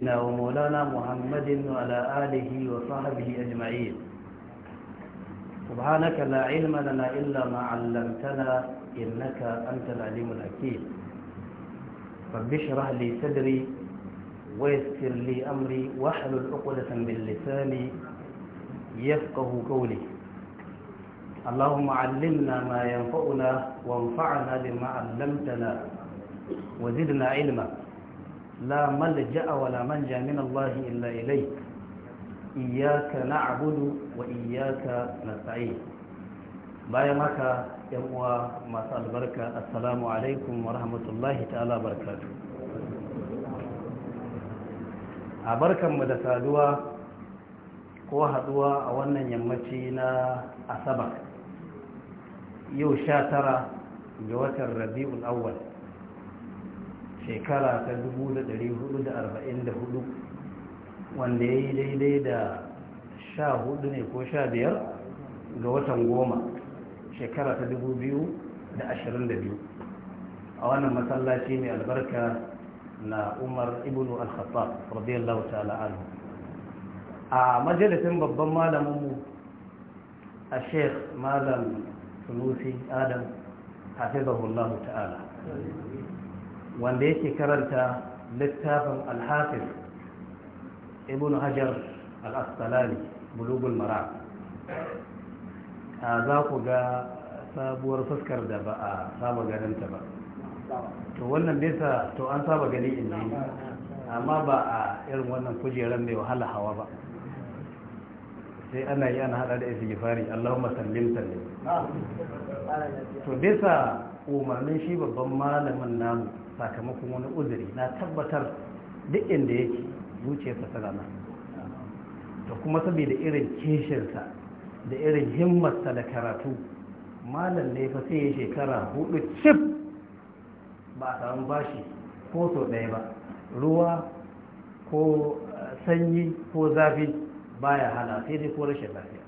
na wa maulana muhammadin wa la'alihi wa sahabihi ajma'in subhanaka la ilma lana illa ma 'allamtana innaka antal 'alimul hakim rabbi shrah li sadri wa yassir li amri wa hlul 'uqdatan min Allahu yafqahu qawli allahumma 'allimna ma yanfa'una wa anfa'na bima 'allamtana wa zidna 'ilma لا ملجا ولا منجا من الله الا اليك wa نعبد واياك نستعين bayan haka yan uwa masu albarka assalamu alaikum wa rahmatullahi ta'ala barkatu a barkanmu da saduwa ko haduwa a wannan yammaci na asabar yau sha tara ga watan rabi'ul awwal shekara ta 1444 wanda ya yi daidai da sha hudu ne ko sha biyar ga watan goma shekara ta 2022 a wannan masallaci mai albarka na umar ibnu al-khattab radiyallahu ta'ala anhu a majalisin babban malaminmu a sheikh malam sulusi adam hafizahullahu ta'ala wanda yake karanta littafin alhafiz ibn hajar al-asqalani bulugul mara za ku ga sabuwar fuskar da ba a saba ganinta ba to wannan nesa to an saba gani inji amma ba a irin wannan kujerar mai wahala hawa ba sai ana yi ana hada da istighfari Allahumma sallim sallim to bisa umarnin shi babban malamin namu sakamakon wani uzuri na tabbatar duk inda yake zuciya tana nan to kuma saboda irin kishinsa da irin himmarsa da karatu malam ne fa sai shekara hudu cif ba a samu bashi ko so ɗaya ba ruwa ko eh, sanyi ko zafi baya hana sai dai ko rashin lafiya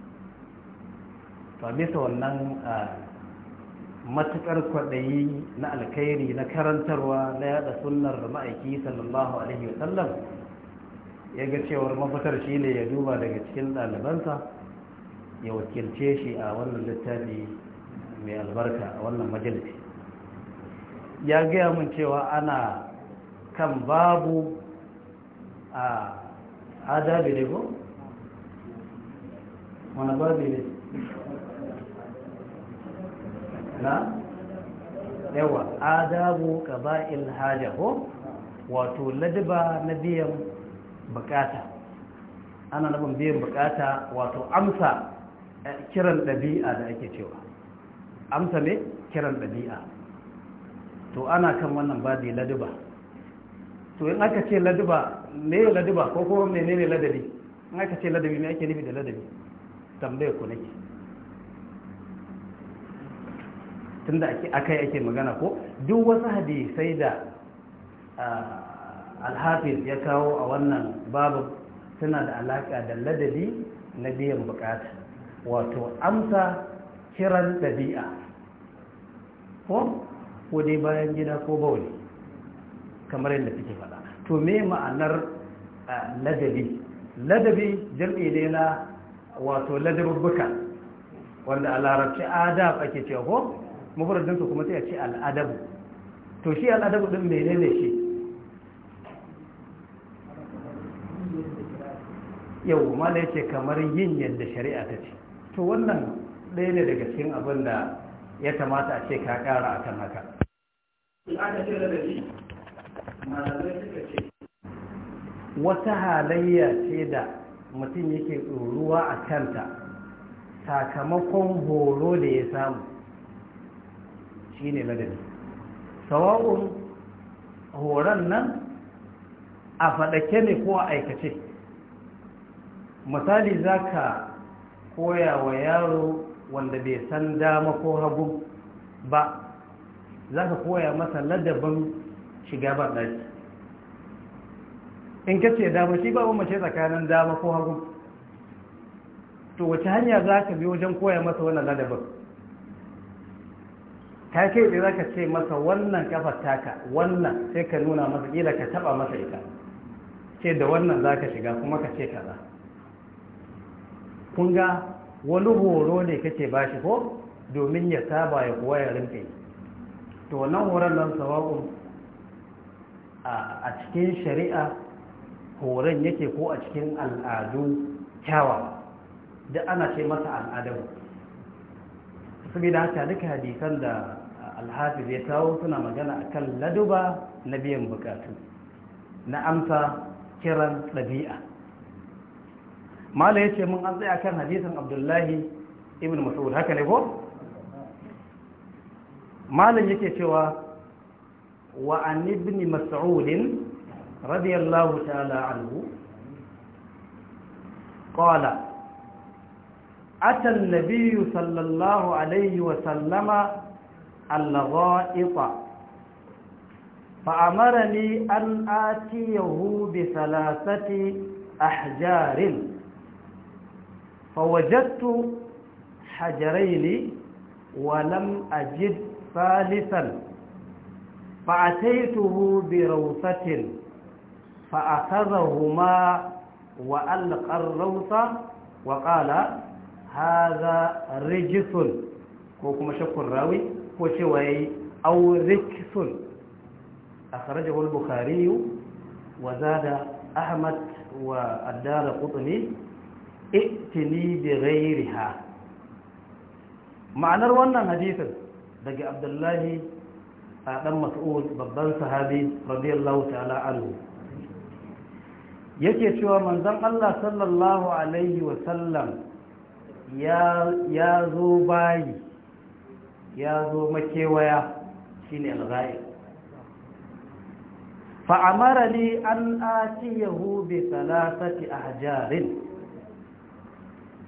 to bisa wannan matukar kwaɗayi na alkhairi na karantarwa na yada sunnar ma'aiki sallallahu alaihi wasallam ya ga cewar mafitar shi ne ya duba daga cikin ɗalibansa ya wakilce shi a wannan littafi mai albarka a wannan majalisi ya gaya mun cewa ana kan babu a adabi ne wani barbe ne na yawa adabu ka ba'il wato ladiba na biyan bukata ana nufin biyan bukata wato amsa eh, kiran ɗabi'a da ake cewa amsa ne kiran ɗabi'a to ana kan wannan babi ladiba to in aka ce ladiba ne ladiba ko kuma menene ladabi in aka ce ladabi ne ake nufi da ladabi tambaya ku nake tunda ake akai ake magana ko duk wasu hadisai da alhafiz ya kawo a wannan babu suna da alaƙa da ladabi na biyan bukata wato amsa kiran ɗabi'a ko ko dai bayan gida ko bauli kamar yadda suke faɗa to me ma'anar ladabi ladabi jam'i ne na wato ladabubbuka wanda a larabci adab ake ce ko mafarajinsu kuma sai a ce al'adabu to shi al'adabu ɗin ne shi yau ma da yake kamar yin yadda shari'a ta ce to wannan ɗaya ne daga cikin abin da ya kamata a ce ka ƙara a kan haka wata halayya ce da mutum yake tsoruwa a kanta sakamakon horo da ya samu shi ne ladabi sawa'un horon nan a faɗake ne ko a aikace misali za ka koya wa yaro wanda bai san dama ko hagu ba za ka koya masa ladabin shiga banɗaki in ka ce dama shi babu mace tsakanin dama ko hagu to wace hanya za ka bi wajen koya masa wannan ladabin ka kai za ka ce masa wannan kafar taka wannan sai ka nuna masa ƙila ka taɓa masa ita ce da wannan za ka shiga kuma ka ce kaza kun ga wani horo ne kake ba shi ko domin ya saba ya kuwa ya rinfe to wannan horon nan sawa'un a cikin shari'a koren yake ko a cikin al'adu kyawa da ana ce masa al'adar saboda haka duka hadisan da alhafiz ya kawo suna magana a kan laduba na biyan bukatu na amsa kiran ɗabi'a mala ya ce mun an tsaya kan hadisan abdullahi ibn mas'ud haka ne ko malam yake cewa wa an ibn mas'udin رضي الله تعالى عنه قال أتى النبي صلى الله عليه وسلم الغائط فأمرني أن آتيه بثلاثة أحجار فوجدت حجرين ولم أجد ثالثا فأتيته بروثة فأخذهما وألقى الروس وقال هذا رجس وكما شك الراوي وشوي أو ركس أخرجه البخاري وزاد أحمد والدار قطني ائتني بغيرها ma'anar wannan hadisin daga abdullahi a ɗan mas'ud babban sahabi radiyallahu ta'ala anhu yake cewa manzon Allah sallallahu alaihi wasallam ya zo bayi ya zo makewaya shine al-ghaib fa amara li an atiyahu bi thalathati ahjarin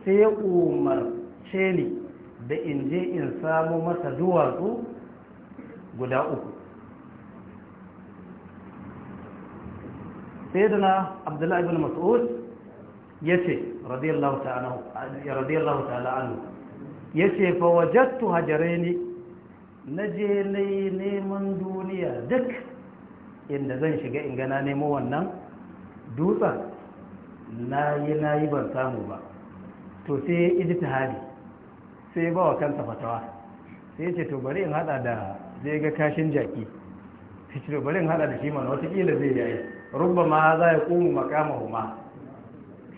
sai umar umarce ni da in je in samu masa duwatsu guda uku بن abdullahi ibn mas'ud الله تعالى ta'ala radiyallahu ta'ala anhu yace fa wajadtu hajareni naje ne neman duniya duk inda zan shiga in gana nemo wannan yi nayi nayi ban samu ba to sai ijtihadi sai ba wa kansa fatawa sai yace to bari in hada da zai ga kashin jaki sai to bari in hada da shi mana wata kila zai yi ma za ya makama huma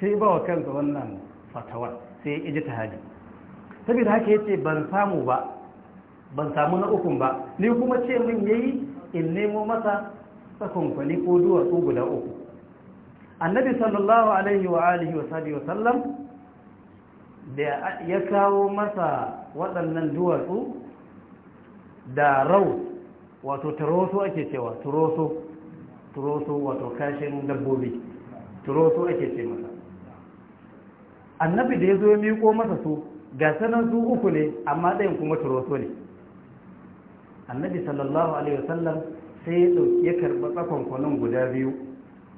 sai ba wa kansa wannan fatawar sai ya ƙiji tahadi saboda haka ya ce ban samu ba ban samu na ukun ba ni kuma ce min ya yi in nemo masa tsakonkwani ko duwatsu guda uku annabi sallallahu alaihi wa alihi wa sabi wa sallam da ya kawo masa waɗannan duwatsu da rau wato taroso ake cewa taroso turoso wato kashin dabbobi turoso ake ce masa annabi da ya zo ya miƙo masa su ga sanan su uku ne amma ɗayan kuma turoso ne annabi sallallahu alaihi wasallam sai ya ɗauki ya karɓi tsakon guda biyu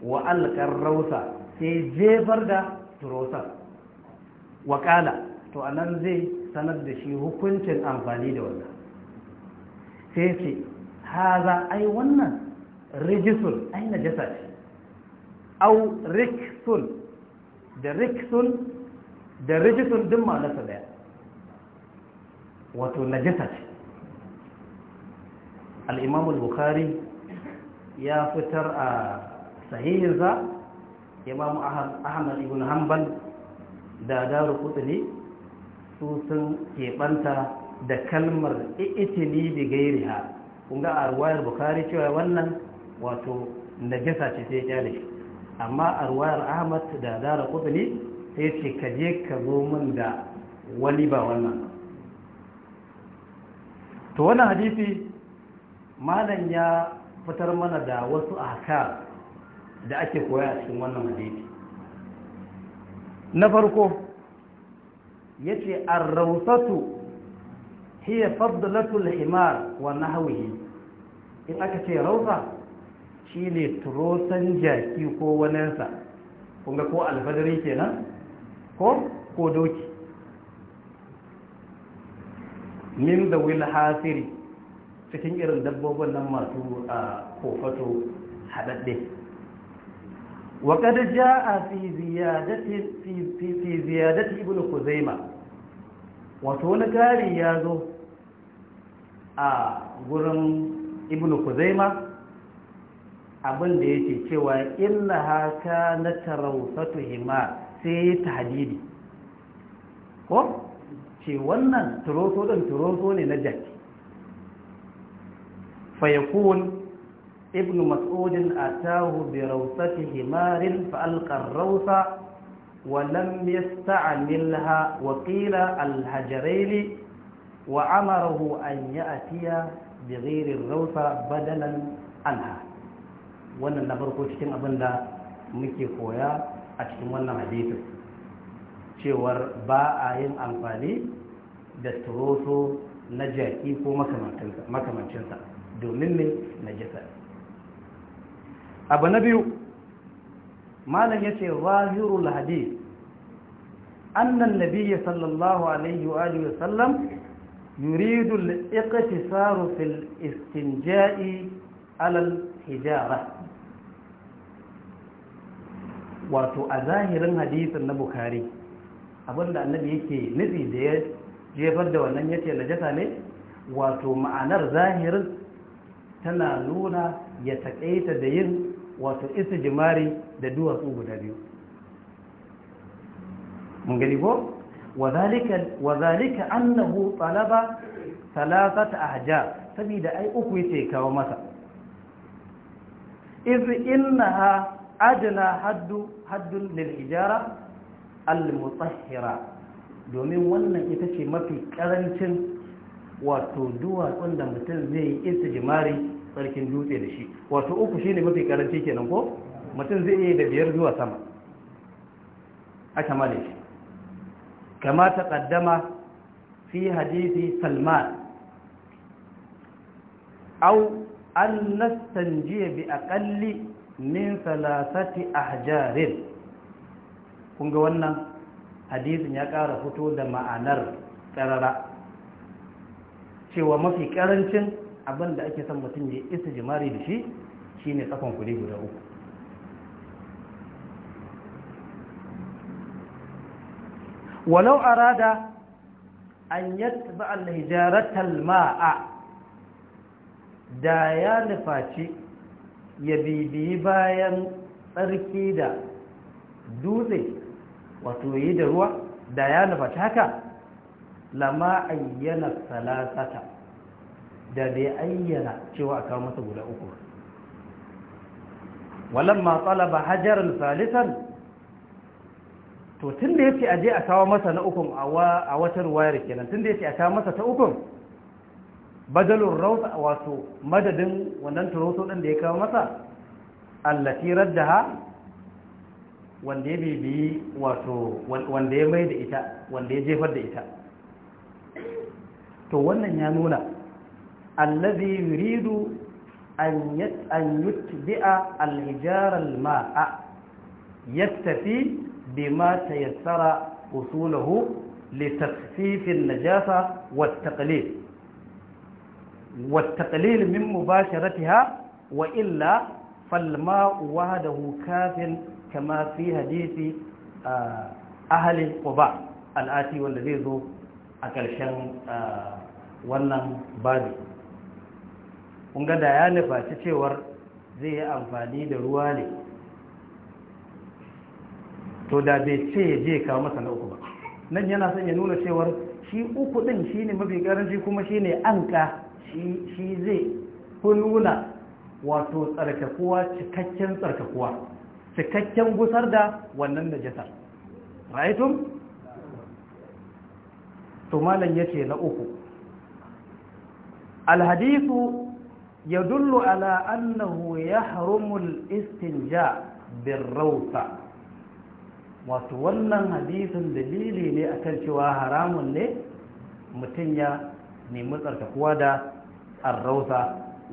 wa alƙar rausa sai jefar da wa Wakala to a nan zai sanar da shi hukuncin amfani da wannan sai ce haza ai wannan Rijisul ai najasa ce au riksun da riksun da rijisun din ma'anarsa daya wato najasa ce al'imamul bukari ya fitar a sahihinsa imamu ahmad ibn hanbal da daru Kutsuni su sun keɓanta da kalmar itini da gairiha kunga a ruwayar bukari cewa wannan wato najasa ce sai kyale shi amma a ruwayar ahmad da zara kutuli sai ce ka je ka zo min da wani ba wannan to wannan hadisi malam ya fitar mana da wasu aka da ake koya a cikin wannan hadisi na farko yace an rawsatu hiya fadlatul himar wa nahawihi in aka ce rawsa Shi ne turosan jaki ko wanansa kunga ko alfadari kenan ko ko doki min da wil hasiri cikin irin dabbobin nan masu a kofato haɗaɗɗe وقد جاء a fi في Ibn Kuzaima wato ابن gari ya zo a ا Ibn Kuzaima? abin da yake cewa inna haka na tarausatu hima sai ya tahdidi ko ce wannan turoso din turoso ne na jaki fayakun ibn mas'udin atahu bi rausati himarin fa alqa rausa wa lam yasta'milha wa qila al wa amarahu an ya'tiya bi ghayri rausa badalan anha wannan na farko cikin abin da muke koya a cikin wannan hadisin cewar ba a yin amfani da turoso na jaki ko makamancinsa domin ne na jisa abu na biyu malam ya ce zahirul hadis annan nabiya sallallahu alaihi wa sallam yuridu al-iqtisaru fil istinja'i alal hijara wato a zahirin hadisin na bukari abinda annabi yake nufi da ya jefar da wannan yace najasa ne wato ma'anar zahirin tana nuna ya taƙaita da yin wato isa jimari da duwatsu guda biyu mun gani ko wazalika zalika annahu talaba thalathata ahja saboda ai uku yake kawo masa iz innaha adana haddu haddun al almutahhira domin wannan ita ce mafi karancin wato duwatsun da mutum zai yi istijimari tsarkin dutse da shi wato uku shine mafi karanci kenan ko mutum zai yi da biyar zuwa sama a kamale shi kama ta kaddama fi hadisi salman au an nastanjiya bi aƙalli min salasati ahjarin kun ga wannan hadisin ya ƙara fito da ma'anar ƙarara cewa mafi ƙarancin abin da ake son mutum ya isa jimari da shi shi ne tsakon kuɗi guda uku walau arada an yatba al-hijaratal ma'a da ya nufaci ya bibiyi bayan tsarki da dutse wato yi da ruwa da ya nufa haka lama ayyana salasata da bai ayyana cewa a kawo masa guda uku walan matsala tsalaba hajjarar salisan to tun da ya ce aje a kawo masa na ukun a watan wayar kenan tun da ya ce a kawo masa ta ukun badalun rausa wato madadin wannan turoso ɗin da ya kawo masa radda ha wanda ya bibiyi wato wanda ya mai da ita wanda ya jefar da ita to wannan ya nuna allazi yuridu an yutbi'a al-hijara al-ma'a yattafi bima tayassara usulahu li takhfif an-najasa wat-taqlil والتقليل من مباشرتها وإلا فالماء وحده كاف كما في حديث أهل القباء الآتي والذي ذو أكلشان wannan babi ga da ya nufaci cewar zai yi amfani da ruwa ne to da bai ce ya je kawo masa na uku ba nan yana son ya nuna cewar shi uku din shi ne mafi karanci kuma shi ne an ka shi zai kununa wato tsarkakuwa cikakken tsarkakuwa cikakken gusar da wannan najasa raitun? to malam yace na uku ya yadullu ala annahu ya al-istinja birrauta wato wannan hadisin dalili ne akan cewa haramun ne mutum ya nemi tsarkakuwa da الروثة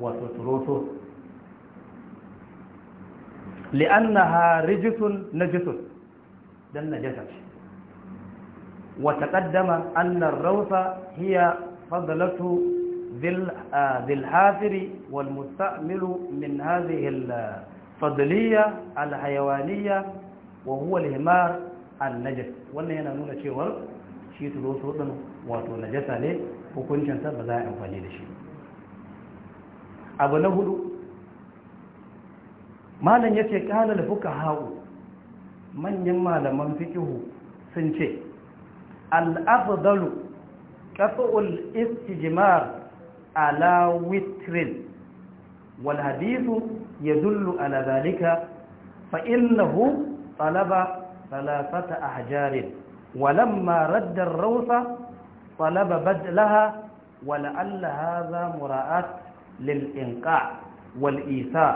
وتتروسه لأنها رجس نجس دل نجس وتقدم أن الروثة هي فضلة آه، ذي الحافر والمستعمل من هذه الفضلية الحيوانية وهو الهمار النجس وأن هنا نقول شيء ورد شيء تدوس ودن وتنجسة ليه وكنت أنت بذائع فليل شيء abu na hudu malam ya ce ƙalar fuka hau manyan malaman fikihu sun ce al'afdalu ƙafa'ul istijimar ala witrin wal hadisu ya dullu ala zalika fa'illahu talaba ثلاثة أحجار ولما رد الروث طلب بدلها ولعل هذا مراءة للإنقاء والإيثار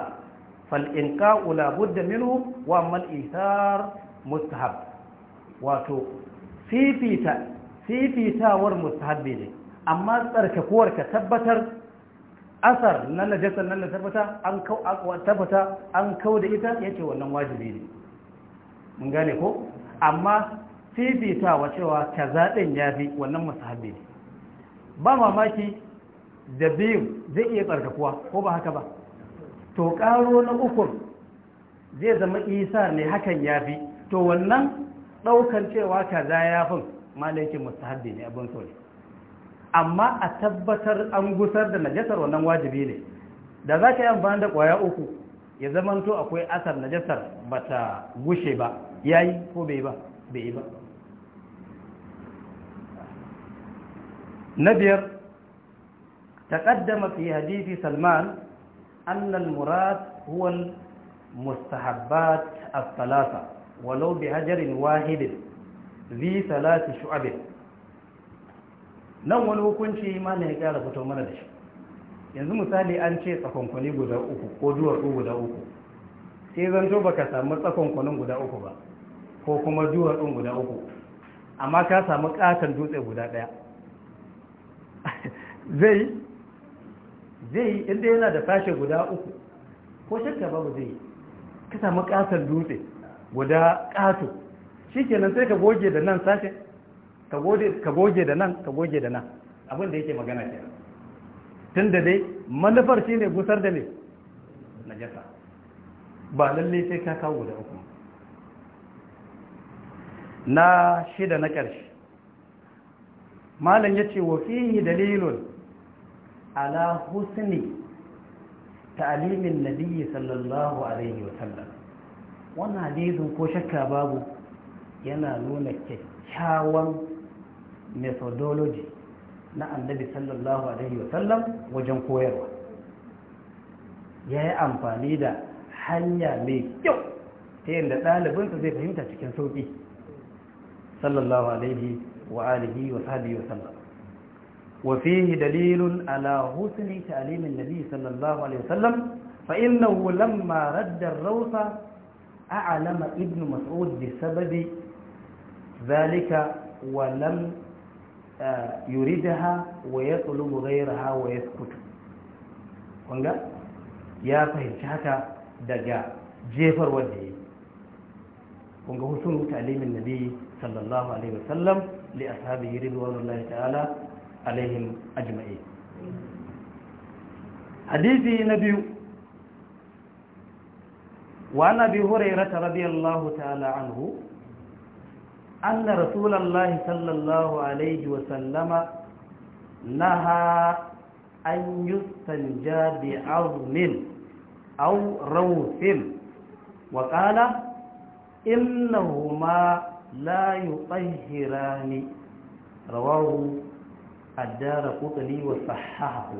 فالإنقاء لا بد منه وأما الإيثار مستحب واتو في فيتا في فيتا والمستحب لي أما ترككور كتبتر أثر لنا جسد لنا تبتا أن كو أقوى تبتا أن كو دئتا يتي ولن واجبين من قالكو أما في فيتا kaza ɗin ya fi wannan musahabi ne ba mamaki da biyu zai iya tsarkakuwa ko ba haka ba to karo na ukun zai zama isa ne hakan ya fi to wannan ɗaukan cewa kaza ya fin malaikin mustahabbi ne abin so amma a tabbatar an gusar da najasar wannan wajibi ne da za ka yi amfani da kwaya uku ya zama to akwai asar najasar ba ta gushe ba ya yi ko bai ba bai ba na biyar تقدم في حديث سلمان أن المراد هو المستحبات الثلاثة ولو بهجر واحد ذي ثلاث شعب nan wani hukunci mana ya kara fito mana da shi yanzu misali an ce tsakonkwani guda uku ko duwar duwatsu guda uku sai zanto ka samu tsakonkwanin guda uku ba ko kuma duwar duwatsun guda uku amma ka samu ƙaton dutse guda ɗaya, zai zai yi inda yana da sashe guda uku ko shakka babu zai yi ka samu ƙasar dutse guda ƙato shi kenan sai ka goge da nan sashe ka goge da nan ka goge da nan abin da yake magana ke tun da dai manufar shi ne gusar da ne jasa ba lalle sai ka kawo guda uku na shida na ƙarshe malam ya ce wa fihi dalilun ala husni ta'alimin nabiyyi sallallahu alaihi wasallam wannan hadisin ko shakka babu yana nuna kyakkyawan methodology na annabi sallallahu alaihi wajen koyarwa ya yi amfani da hanya mai kyau ta yadda ɗalibinsa zai fahimta cikin sauƙi sallallahu alaihi wa alihi wa wa sallam وفيه دليل على حسن تعليم النبي صلى الله عليه وسلم فإنه لما رد الروث أعلم ابن مسعود بسبب ذلك ولم yuridha wa yatlubu ghayraha wa yaskutu kunga ya fahimci haka daga jefar wanda yake kunga husnul ta'limin nabi sallallahu alaihi wasallam li ashabihi ridwanullahi ta'ala alaihim ajma'i hadisi na biyu wa nabi hurairata radiyallahu ta'ala anhu anna rasulullahi sallallahu alaihi wa sallama naha an yustanja bi azmin aw rawfin wa qala innahuma la yutahhirani rawahu addara قطلي وصححه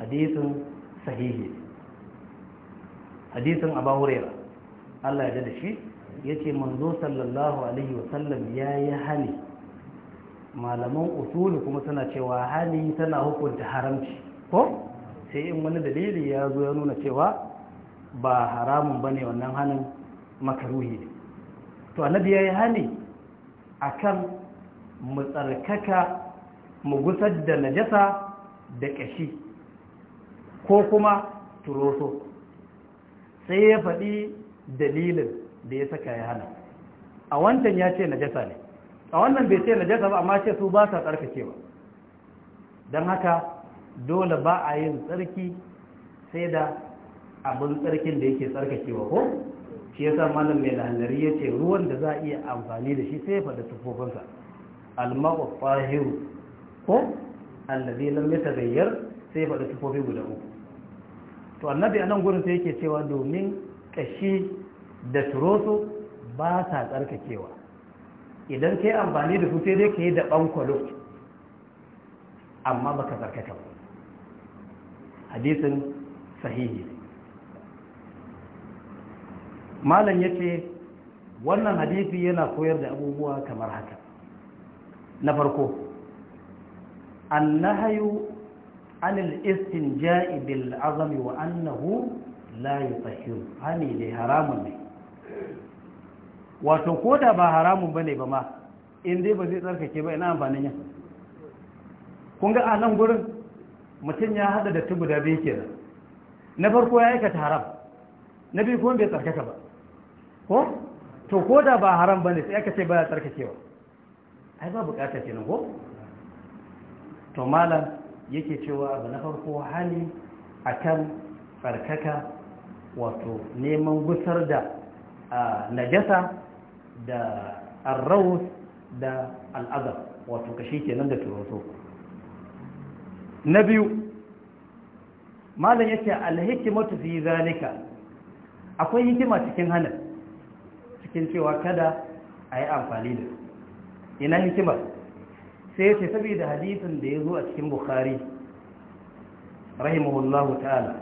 حديث صحيح حديث hadisin abu الله Allah ya da shi ya ce manzo sallallahu alaihi wasallam hali malaman usulu kuma suna cewa hali tana hukunta haramci ko sai in wani dalili ya zo ya nuna cewa ba haramun ba ne wannan hannun makaruhi ne to annabi ya yi hali a kan mu tsarkaka mu gusar da najasa da ƙashi ko kuma turoso sai ya faɗi dalilin da ya saka ya hana a wancan ya ce najasa ne a wannan bai ce najasa ba amma ce su ba sa tsarkakewa don haka dole ba a yin tsarki sai da abin tsarkin da yake tsarkakewa ko shi sa malam mai lahalari ya ce ruwan da za a iya amfani da shi sai ya faɗi tufofinsa alma'u tsahiru ko allazi lam yataghayyar sai faɗi sifofi guda uku to annabi anan gurin sai yake cewa domin kashi da turoso ba sa tsarkakewa idan kai amfani da su sai dai ka yi da bankwalo amma baka tsarkaka ba hadisin sahihi malam yace wannan hadisi yana koyar da abubuwa kamar haka na farko annahayu anil istinja'i bil azami wa annahu la yutahhiru hani ne haramun ne wato ko da ba haramun bane ba ma in dai ba zai tsarkake ba ina amfanin yin kun ga a nan gurin mutum ya hada da tubu biyu kenan na farko ya aikata haram na biyu kuma bai tsarkaka ba ko to ko da ba haram bane sai aka ce ba ya tsarkakewa ai ba bukatar kenan ko to malam yake cewa abu na farko hali akan tsarkaka wato neman gusar da najasa da arraus da al'adar wato kashi kenan da turoso na biyu malam yake alhikimatu fi zalika akwai hikima cikin hana cikin cewa kada a yi amfani da ina hikimar sai ya ce saboda hadisin da ya zo a cikin bukhari rahimahullahu ta'ala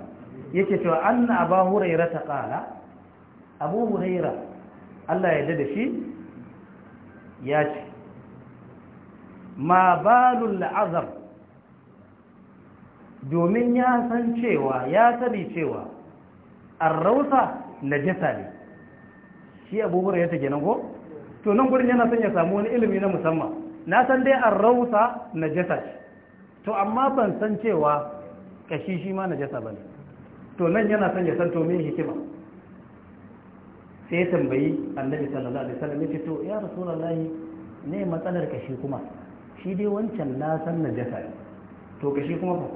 yake cewa anna abu huraira ta kala, abu huraira Allah ya da shi ya ce ma balul azab domin ya san cewa ya sani cewa na najasa ne shi abu ya ta gina ko to nan gurin yana son ya samu wani ilimi na musamman na san dai arrausa jasa ce to amma ban san cewa kashi shi ma na jasa ba ne. to nan yana son ya san to me hikima sai tambayi annabi sallallahu alaihi wasallam yace to ya rasulullahi ne matsalar kashi kuma shi dai wancan na san jasa ne to kashi kuma ba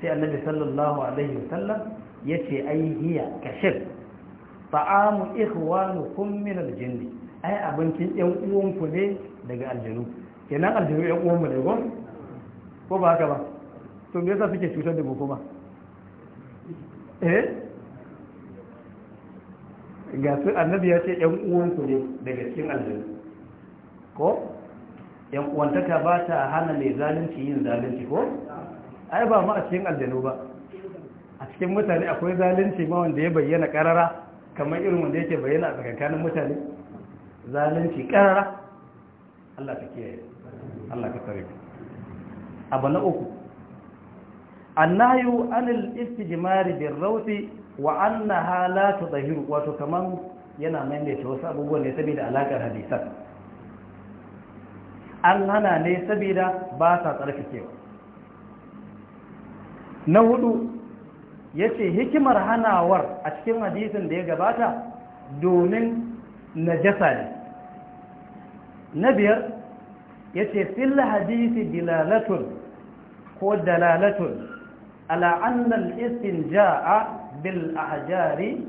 sai annabi sallallahu alaihi wasallam yace ai hiya kashir ta'amu ikhwanukum min al-jinni ai abincin yan uwanku ne daga aljanu kenan aljanu yan uwanmu ne gon ko ba haka ba to me yasa suke cutar da mu ba? eh ga su annabi ya ce yan uwanku ne daga cikin aljanu ko yan uwantaka ba ta hana mai zalunci yin zalunci ko ai ba mu a cikin aljanu ba a cikin mutane akwai zalunci ma wanda ya bayyana karara kamar irin wanda yake bayyana a tsakankanin mutane zalunci karara Allah ta kiyaye Allah ka tsare abu na uku annahu anil istijmar bil rawti wa annaha la wa wato kaman yana maimaita wasu abubuwan ne saboda alakar hadisan an hana ne saboda ba sa tsarkakewa na hudu yace hikimar hanawar a cikin hadisin da ya gabata domin najasa ne na biyar ya ce fil hadisi dilalatun ko dalalatun ala isin ja'a bil ahjari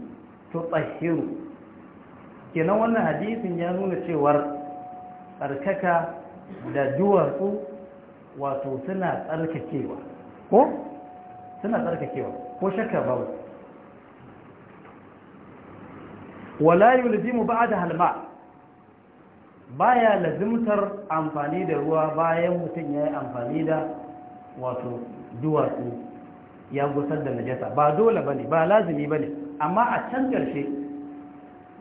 tutahhiru kenan wannan hadisin ya nuna cewar tsarkaka da duwatsu wato suna tsarkakewa ko suna tsarkakewa ko shakka ba wala yulzimu ba'da halma baya lazimtar amfani da ruwa bayan mutum ya yi amfani da wato duwatsu ya gusar da najasa ba dole ba ne ba lazimi ba ne amma a can ƙarshe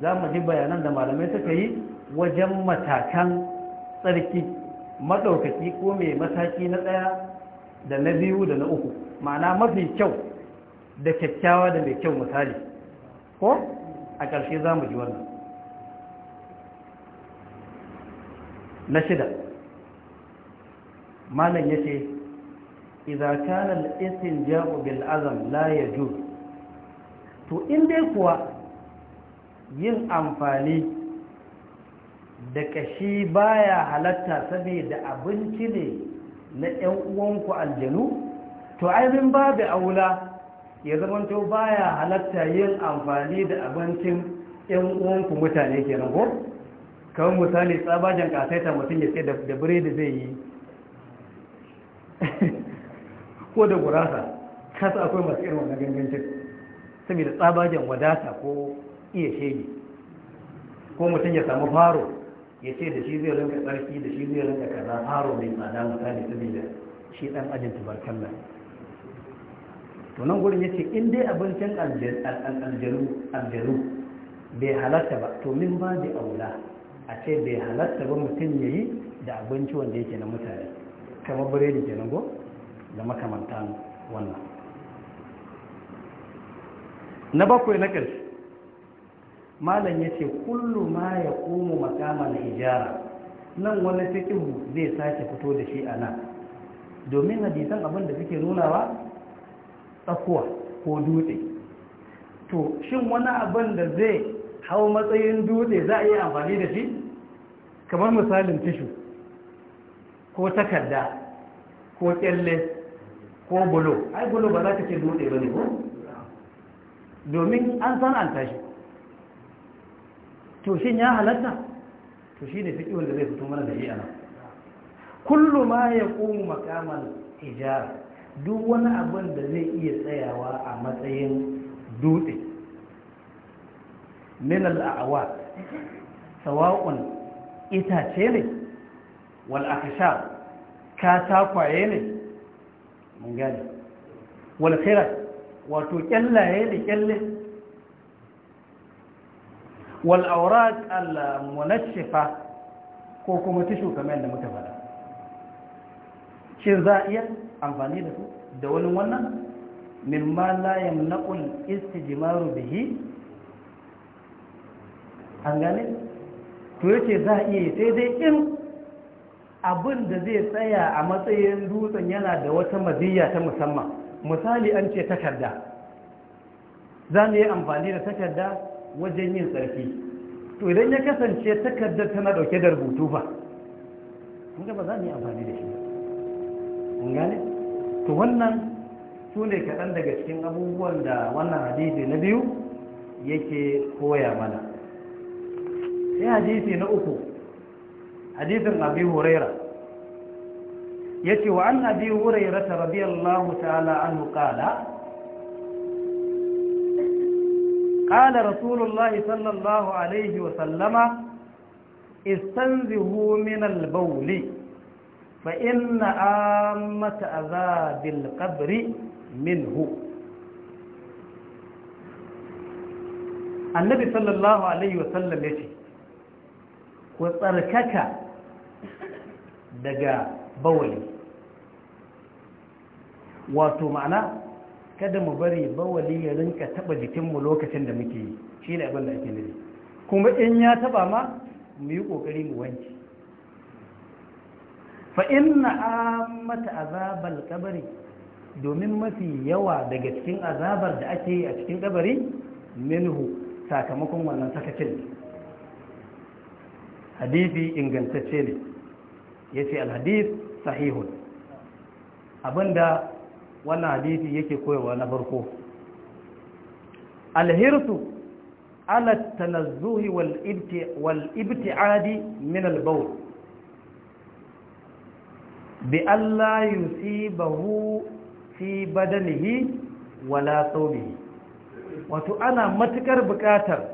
za mu ji bayanan da malamai suka yi wajen matakan tsarki maɗaukaki ko mai mataki na ɗaya da na biyu da na uku ma'ana mafi kyau da kyakkyawa da mai kyau misali ko a ƙarshe za mu ji wannan na shida malam yace idza kana al isin bil azam la yajuz to in dai kuwa yin amfani da kashi baya halatta saboda abinci ne na 'yan uwanku aljanu to aibin babu aula ya zamanto baya halatta yin amfani da abincin 'yan uwanku mutane kenan ko kawai misali tsabajen kasaita mutum ya ce da biredi zai yi ko da gurasa kasa akwai masu irin wannan gangancin saboda tsabajen wadata ko iya shege ko mutum ya samu faro ya ce da shi zai rinka tsarki da shi zai rinka kaza faro mai tsada misali saboda shi dan ajin tubarkalla to nan gurin ce, in dai abincin aljanu aljanu bai halatta ba to min ba da aula a ce bai halatta ba mutum ya yi da abinci wanda yake na mutane kamar biredi kenan da makamantan wannan na bakwai na ƙarshe malam ya ce kullu ma ya ƙomo makaman hijara nan wani cikin zai sake fito da shi a nan domin hadisan abin da suke nunawa tsakuwa ko dutse to shin wani abin da zai hau matsayin dutse za a yi amfani da shi kamar misalin tishu ko takarda ko kyalle ko bulo ai bulo ba za ka ce dutse ba ne ko domin an san an tashi to shin ya halatta to shi ne fiƙi wanda zai fito mana da shi ana kullu ma ya ƙumu makaman ijara duk wani abin da zai iya tsayawa a matsayin dutse min al'awa sawa'un itace ne wal akhshab katakwaye ne mun gane wal khira wato ƙyallaye da kyalle wal awraq al munashifa ko kuma tishu kamar da muka fara? shin za a iya amfani da su da wani wannan Min mimma la yamnaqul istijmaru bihi an gane to yace za a iya sai dai in abin da zai tsaya a matsayin dutsen yana da wata maziyya ta musamman misali an ce takarda za mu yi amfani da takarda wajen yin tsarki to idan ya kasance takardar tana dauke da rubutu ba kun ba za mu yi amfani da shi An gane to wannan su ne kaɗan daga cikin abubuwan da wannan hadisi na biyu yake koya mana sai hadisi na uku hadisin abi huraira yace wa an abi huraira radiyallahu ta'ala anhu qala qala rasulullah sallallahu alayhi wa sallama istanzihu min al-bawl fa inna ammat azabil qabri minhu annabi sallallahu alayhi wa sallam yace ku tsarkaka daga bawali wato ma'ana kada mu bari bawali ya rinka taba jikinmu lokacin da muke yi shi ne abin da ake nufi kuma in ya taba ma mu yi ƙoƙari mu wanke fa inna amata azabar kabari domin mafi yawa daga cikin azabar da ake yi a cikin kabari minhu sakamakon wannan sakacin hadisi ingantacce ne ya ce alhadis sahihun abinda wannan hadisi yake koyarwa na farko Alhirtu ala tanazzuhi wal ibti'adi min al-bawl bi alla yusibahu fi badanihi wala thawbihi wato ana matukar buƙatar.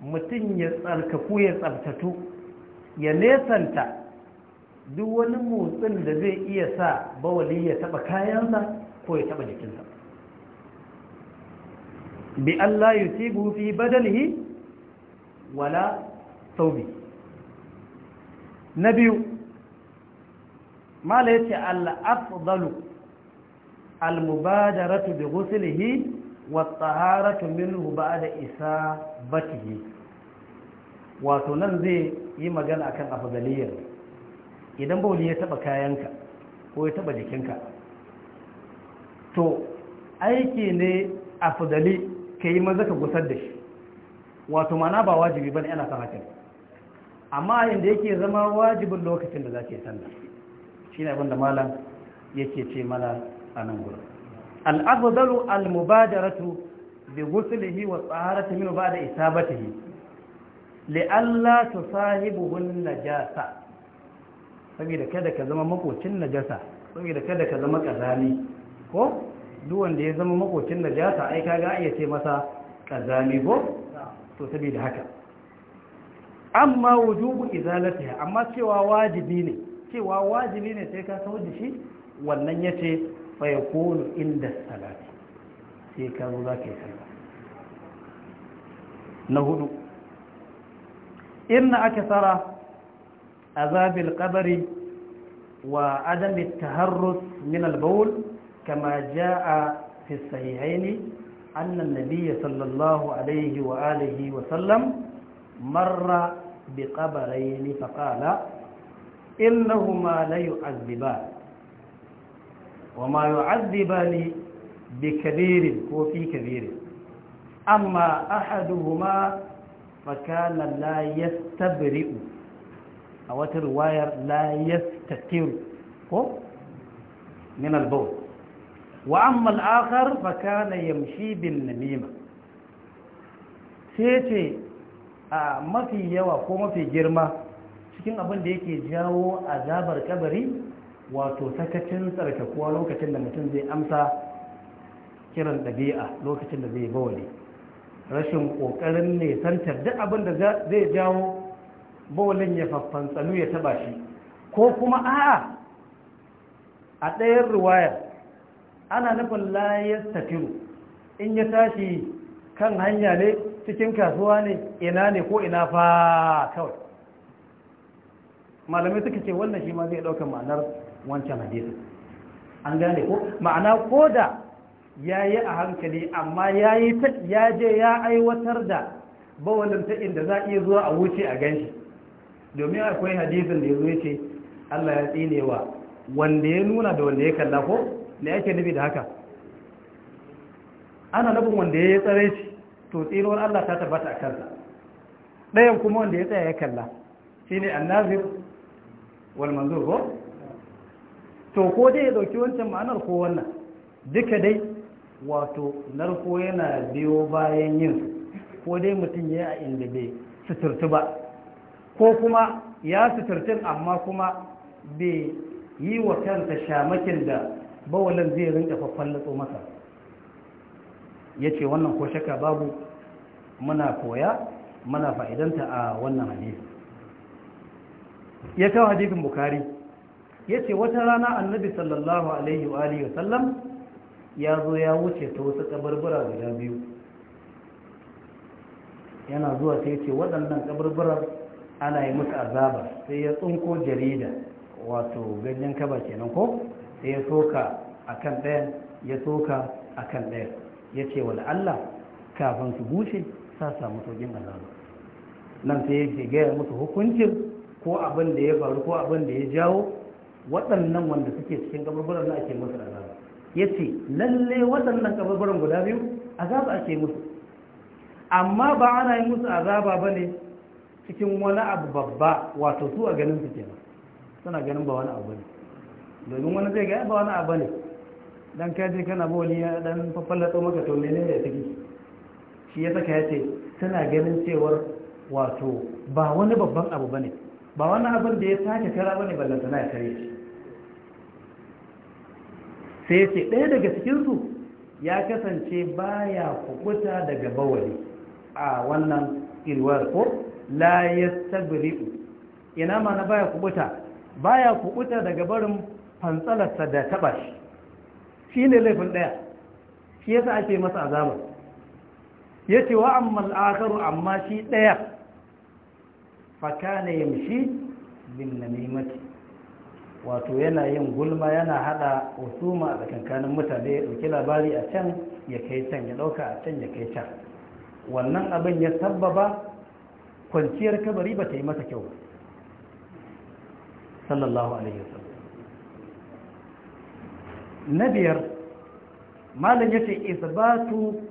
mutum ya tsarkaku ya tsartatu ya nesanta duk wani motsin da zai iya sa bawali ya taba kayansa ko ya taba jikinsa bi Allah yusibu fi badalhi wala saubi na biyu mala yace al-afdalu al-mubadaratu bi ghuslihi wattaharatu minhu ba'da isa batihi wato nan zai yi magana akan afdaliyar idan bauli ya taba kayanka ko ya taba jikinka to aiki ne afdali kai maza ka gusar da shi wato mana ba wajibi bane ana san amma inda yake zama wajibin lokacin da zake sallah shine abin da malam yake ce mana a nan al'afdalu al-mubadaratu bi ghuslihi wa taharati min ba'da isabatihi li'alla tusahibuhu an-najasa saboda kada ka zama makocin najasa saboda kada ka zama kazami ko duk wanda ya zama makocin najasa ai kaga ai ya ce masa kazami ko to saboda haka amma wujubu izalatiha amma cewa wajibi ne cewa wajibi ne sai ka sauda shi wannan yace فيقول عند الصلاة في كذلك الصلاة نهدو إن أكثر أذاب القبر وعدم التهرس من البول كما جاء في الصحيحين أن النبي صلى الله عليه وآله وسلم مر بقبرين فقال إنهما ليعذبان wa ma yu'adhibani bi kabirin ko fi kabirin amma ahaduhuma fa kana la yastabri'u a wata riwayar la yastatiru ko min bau. wa amma al-akhar kana yamshi bin namima sai ce a mafi yawa ko mafi girma cikin abin da yake jawo azabar kabari wato sakacin tsarka kuwa lokacin da mutum zai amsa kiran ɗabi'a lokacin da zai bawali rashin ƙoƙarin ne santar duk abin da zai jawo bawalin ya faffantsalu ya taba shi ko kuma a'a a ɗayan ruwayar ana nufin layar tafiru in ya tashi kan hanya ne cikin kasuwa ne ina ne ko ina fa kawai malamai suka ce wannan shi ma zai ɗaukar ma'anar wancan hadisi an gane ko ma'ana ko da ya yi a hankali amma ya je ya aiwatar da bawalin ta inda za iya zuwa a wuce a ganshi domin akwai hadisin da ya zo ce Allah ya tsine wa wanda ya nuna da wanda ya kalla ko da yake nufi da haka ana nufin wanda ya tsare shi to tsinuwar Allah ta tabbata a kansa ɗayan kuma wanda ya tsaya ya kalla shine annazir wal manzur ko to ko dai ya dauki wancan ma'anar ko wannan duka dai wato narko yana biyo bayan yin ko dai mutum ya a inda bai suturtu ba ko kuma ya suturtun amma kuma bai yi wa kanta shamakin da bawalin zai rinka latso masa ya ce wannan ko shaka babu muna koya muna fa'idanta a wannan hadisi ya kawo hadisin bukari yace wata rana annabi sallallahu alaihi wa alihi ya zo ya wuce ta wasu kabarbura guda biyu yana zuwa ta yace ce waɗannan kabarburar ana yi musu azaba sai ya tsunko jarida wato ganyen kaba kenan ko sai ya soka a kan ɗaya ya soka a kan ya Allah kafin su bushe sa samu sojin azaba nan sai ya gaya musu hukuncin ko abin da ya faru ko abin da ya jawo waɗannan wanda suke cikin kaburburan na ake musu azaba ya ce lalle waɗannan kaburburan guda biyu azaba ake musu amma ba ana yi musu azaba ba ne cikin wani abu babba wato su a ganin su kenan suna ganin ba wani abu ba ne domin wani zai ga ba wani abu ba ne dan kaji kana boli ya dan fafallato maka to menene ya take shi ya saka ya ce suna ganin cewar wato ba wani babban abu ba ne ba wani abin da ya sake kara bane ballanta na ya kare shi sai ce ɗaya daga cikin su ya kasance baya kukuta daga bawali a wannan irwar ko la ya ina mana baya kukuta baya kukuta daga barin fantsalarsa da taɓa shi shi ne laifin ɗaya shi yasa ake masa azaba ya ce wa amma al'akaru amma shi ɗaya fakane yamshi bin namimati wato yana yin gulma yana hada usuma da kankanin mutane ya ɗauki labari a can ya kai can ya ɗauka a can ya kai can wannan abin ya sabbaba kwanciyar kabari ba ta yi mata kyau sallallahu alaihi wasallam na biyar malam yace isbatu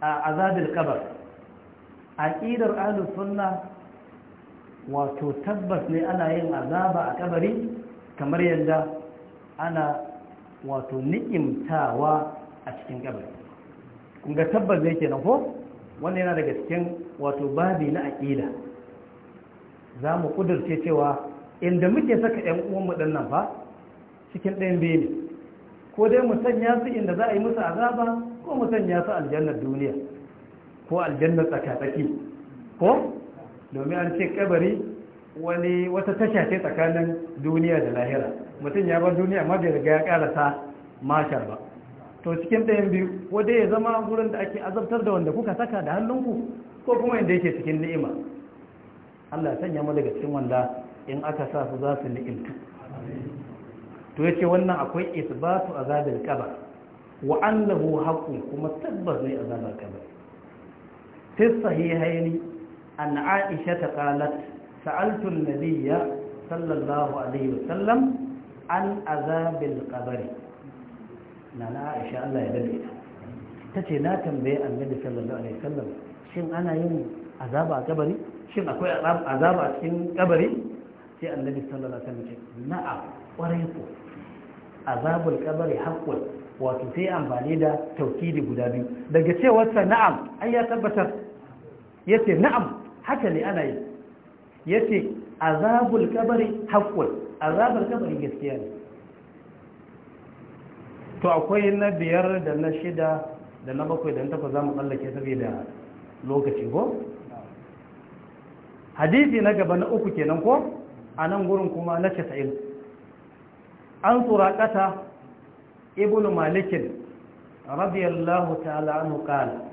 a azabil a aqidar ahlus sunna wato tabbas ne ana yin azaba a kabari kamar yadda ana wato ni'imtawa a cikin kabari kunga tabbas ne kenan ko wannan yana daga cikin wato babi na aqida za mu kudurce cewa inda muke saka ƴan uwanmu ɗin nan fa cikin ɗayan biyu ne ko dai mu sanya su inda za a yi musu azaba ko mu sanya su aljannar duniya ko aljannar tsakatsaki ko domin an ce kabari wani wata tasha ce tsakanin duniya da lahira mutum ya bar duniya amma bai riga ya karasa mashar ba to cikin ɗayan biyu ko dai ya zama gurin da ake azabtar da wanda kuka saka da hannunku ko kuma inda yake cikin ni'ima Allah ya sanya mu daga cikin wanda in aka sa su za su ni'imtu to yace wannan akwai isbatu azabil qabr wa annahu haqqun kuma tabbas ne azabil qabr fi sahihaini an aisha ta qalat sa'altu an-nabiyya sallallahu alaihi wasallam an azabil qabr nana aisha Allah ya dade ta tace na tambaye annabi sallallahu alaihi wasallam shin ana yin azaba a kabari shin akwai azaba a cikin kabari sai annabi sallallahu alaihi wasallam ce na'am kwarai wato sai amfani da taukidi guda biyu daga cewarsa na'am ai ya tabbatar yace na'am haka ne ana yi ya ce azabul kabari haƙƙul azabul kabari gaskiya ne to akwai na biyar da na shida da na bakwai da na takwas za mu tsallake saboda lokaci ko hadisi na gaba na uku kenan ko a nan gurin kuma na casa'in an kata ibn malikin radiyallahu ta'ala an hukala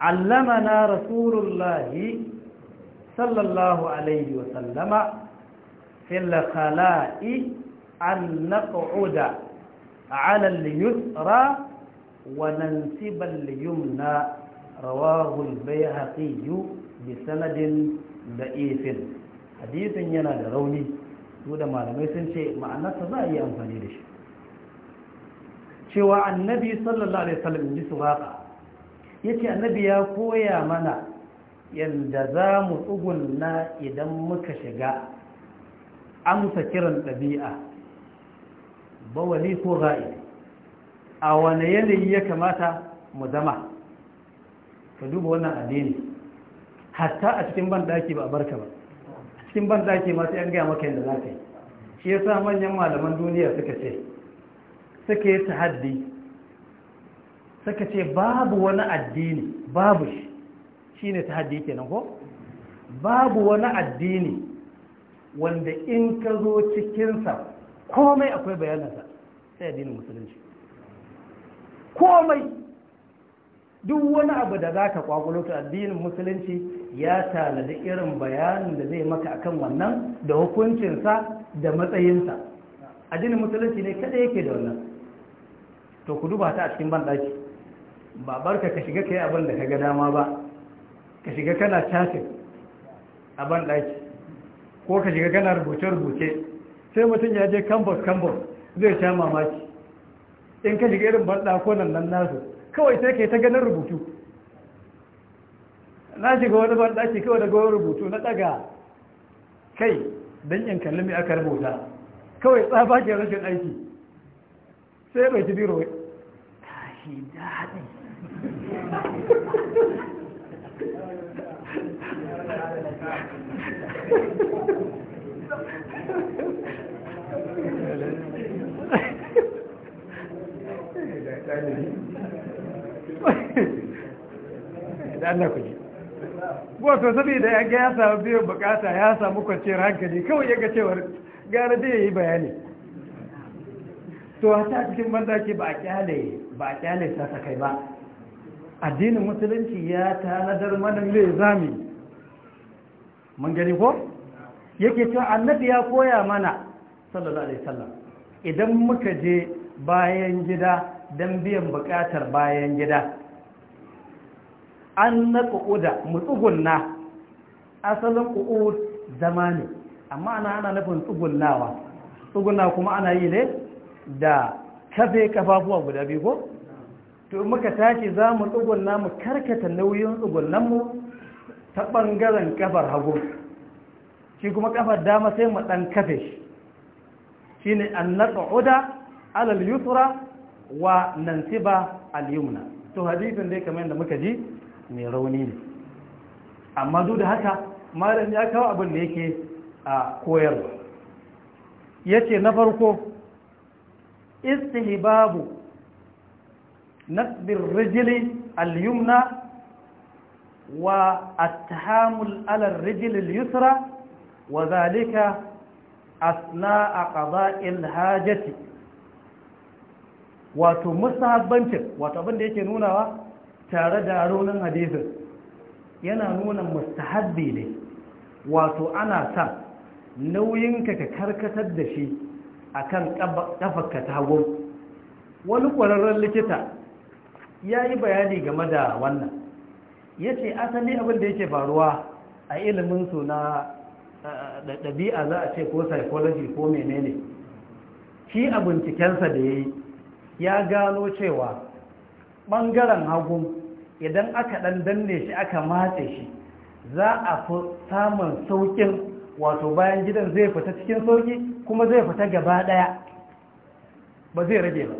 علمنا رسول الله صلى الله عليه وسلم في الخلاء أن نقعد على اليسرى وننسب اليمنى رواه البيهقي بسند ضعيف حديث ينا da rauni su da malamai sun ce ma'anarsa za a yi amfani da shi cewa annabi sallallahu alaihi suraka ya ce annabi ya koya mana yadda za mu tsugunna idan muka shiga amsa kiran ɗabi'a bawali ko ga'i a wane yanayi ya kamata mu zama ka duba wannan addini hatta a cikin banɗaki ba a barka ba a cikin banɗaki masu yan gaya maka yadda za ka yi shi ya sa manyan malaman duniya suka ce suka yi tahaddi suka ce babu wani addini babu shi ne ta haddi kenan ko babu wani addini wanda in ka zo cikinsa komai akwai bayanansa sai addinin musulunci komai duk wani abu da za ka kwakwalo ta addinin musulunci ya tanadi irin bayanin da zai maka akan wannan da hukuncinsa da matsayinsa addinin musulunci ne kada yake da wannan to ku duba ta a cikin banɗaki ba barka ka shiga kai abin da ka ga dama ba ka shiga kana chatin a ban ɗaki ko ka shiga kana rubuce-rubuce sai mutum ya je kambos kambos zai sha mamaki in ka shiga irin ban ko nan nan nasu kawai sai kai ta ganin rubutu na shiga wani ban ke kawai da gowar rubutu na daga kai don in kallumi aka rubuta kawai tsaba ke rashin aiki sai bai ci biro shi daɗi wato saboda ya ga ya samu biyan bukata ya samu kwanciyar hankali kawai ya ga cewar gara zai yi bayani to a ta cikin ke ba a kyale ba a kyale sasa kai ba addinin musulunci ya tanadar mana mai zami mun gani ko yake cewa annabi ya koya mana sallallahu alaihi wasallam idan muka je bayan gida don biyan bukatar bayan gida an na mu tsugunna asalin ku'u zama ne amma ana ana nufin tsugunnawa tsugunna kuma ana yi ne da kafe kafafuwa guda biyu ko to muka tashi za mu tsugunna mu karkata nauyin mu ta ɓangaren ƙafar hagu shi kuma ƙafar dama sai mu ɗan kafe shi shi ne an naɗa oda, alal yusra wa nan al-yumna to hadisin dai kamar yadda muka ji mai rauni ne amma duk da haka malam ya kawo abin da yake a koyarwa ya ce na farko istihbabu نصب الرجل اليمنى والتحامل على الرجل اليسرى وذلك أثناء قضاء الحاجة wato musahabbancin wato abin da yake nunawa tare da raunin hadisin yana nuna mustahabbi ne wato ana sa nauyinka ka karkatar da shi akan kafarka tagon wani ƙwararren likita ya yi bayani game da wannan ya ce asali abin da yake faruwa a ilimin su na ɗabi'a za a ce ko psychology ko menene shi a bincikensa da ya yi ya gano cewa ɓangaren hagun idan aka ɗan danne shi aka matse shi za a fi samun sauƙin wato bayan gidan zai fita cikin sauƙi kuma zai fita gaba ɗaya ba zai rage ba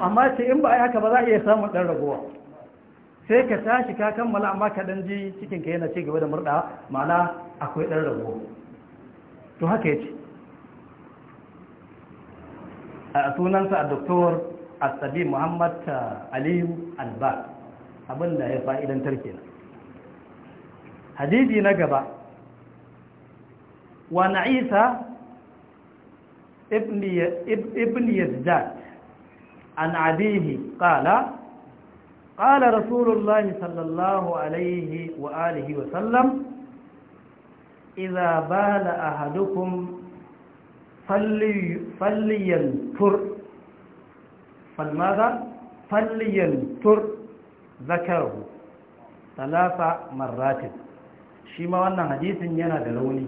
amma ce in ba a yi haka ba za a iya samun ɗan raguwa sai ka tashi ka kammala amma ka ɗan ji cikinka yana ci gaba da murɗa mana akwai ɗan raguwa to haka ya a sunansa a doktor asabi muhammad uh, aliyu alba abin da ya fa'idantar na hadidi na gaba wa Isa ibn yazdad an abihi qala ƙala rasulullah sallallahu alaihi wa alihi wa sallam idza bala ahadukum falyantur فلماذا فلينتر ذكره shi ma wannan hadisin yana da rauni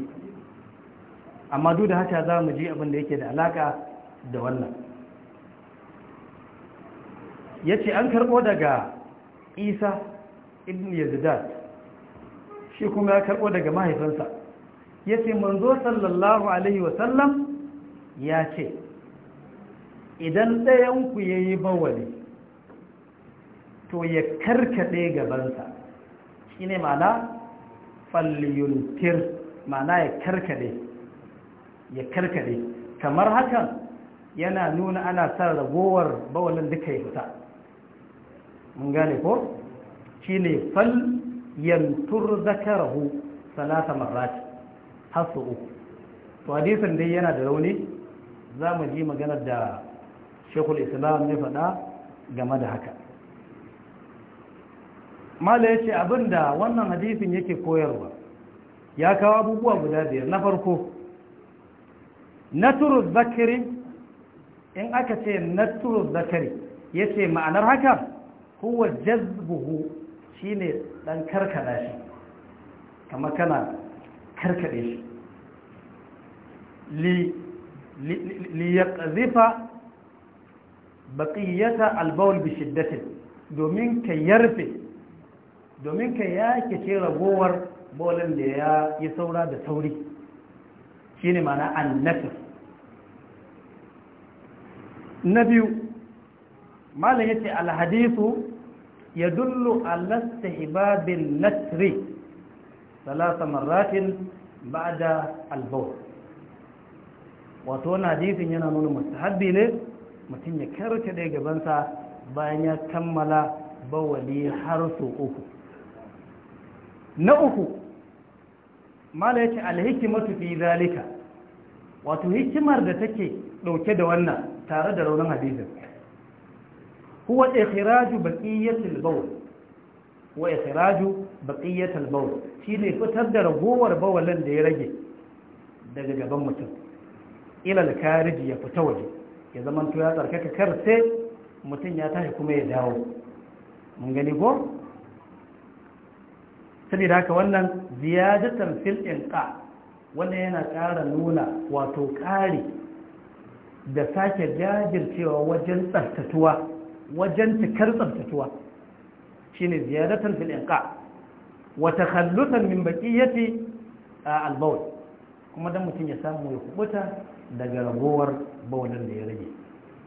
amma duk da haka za mu ji abin da yake da alaƙa da wannan ya ce an karɓo daga isa ibn yazidat shi kuma ya karɓo daga mahaifinsa ya ce manzo sallallahu alaihi wasallam ya ce idan ɗayanku ya yi bawali to ya karkaɗe gabansa shi ne mana falliyuntir mana ya karkaɗe ya karkaɗe kamar hakan yana nuna ana sa ragowar bawalin duka ya fita Mun gane ko shi ne fal yantur zakarahu salasa marrat har su uku to hadisin dai yana da rauni za mu ji maganar da shekul islam ya faɗa game da haka mala ya ce abinda wannan hadisin yake koyarwa ya kawo abubuwa guda biyar na farko naturu zakari in aka ce naturu zakari ya ce ma'anar haka huwa jazbuhu shine dan karkada shi kama kana karkade shi li li yaqzifa baqiyata albawl bi shiddati domin ka yarfe domin ka yake ce ragowar bolin da ya yi saura da sauri shine ma'ana annafis na biyu malam yace alhadithu يدل على استحباب النتر ثلاث مرات بعد البول wato wannan hadisin yana nuna mustahabbi ne mutum ya karce da gabansa bayan ya kammala bawali har su uku na uku mala yace alhikimatu fi wato hikimar da take ɗauke da wannan tare da raunin hadisin huwa ikhraju baqiyatil bawl wa ikhraju baqiyatil bawl shine fitar da ragowar bawalin da ya rage daga gaban mutum ila kariji ya fita waje ya zaman ya tsarkaka kar sai mutum ya tashi kuma ya dawo mun gani ko saboda haka wannan ziyadatan fil inqa wannan yana ƙara nuna wato ƙari da sake jajircewa wajen tsartatuwa wajen cikar tsaftatuwa shine ziyadatan fil inqa wata takhallutan min baqiyati a bawl kuma dan mutum ya samu ya kubuta daga ragowar bawlin da ya rage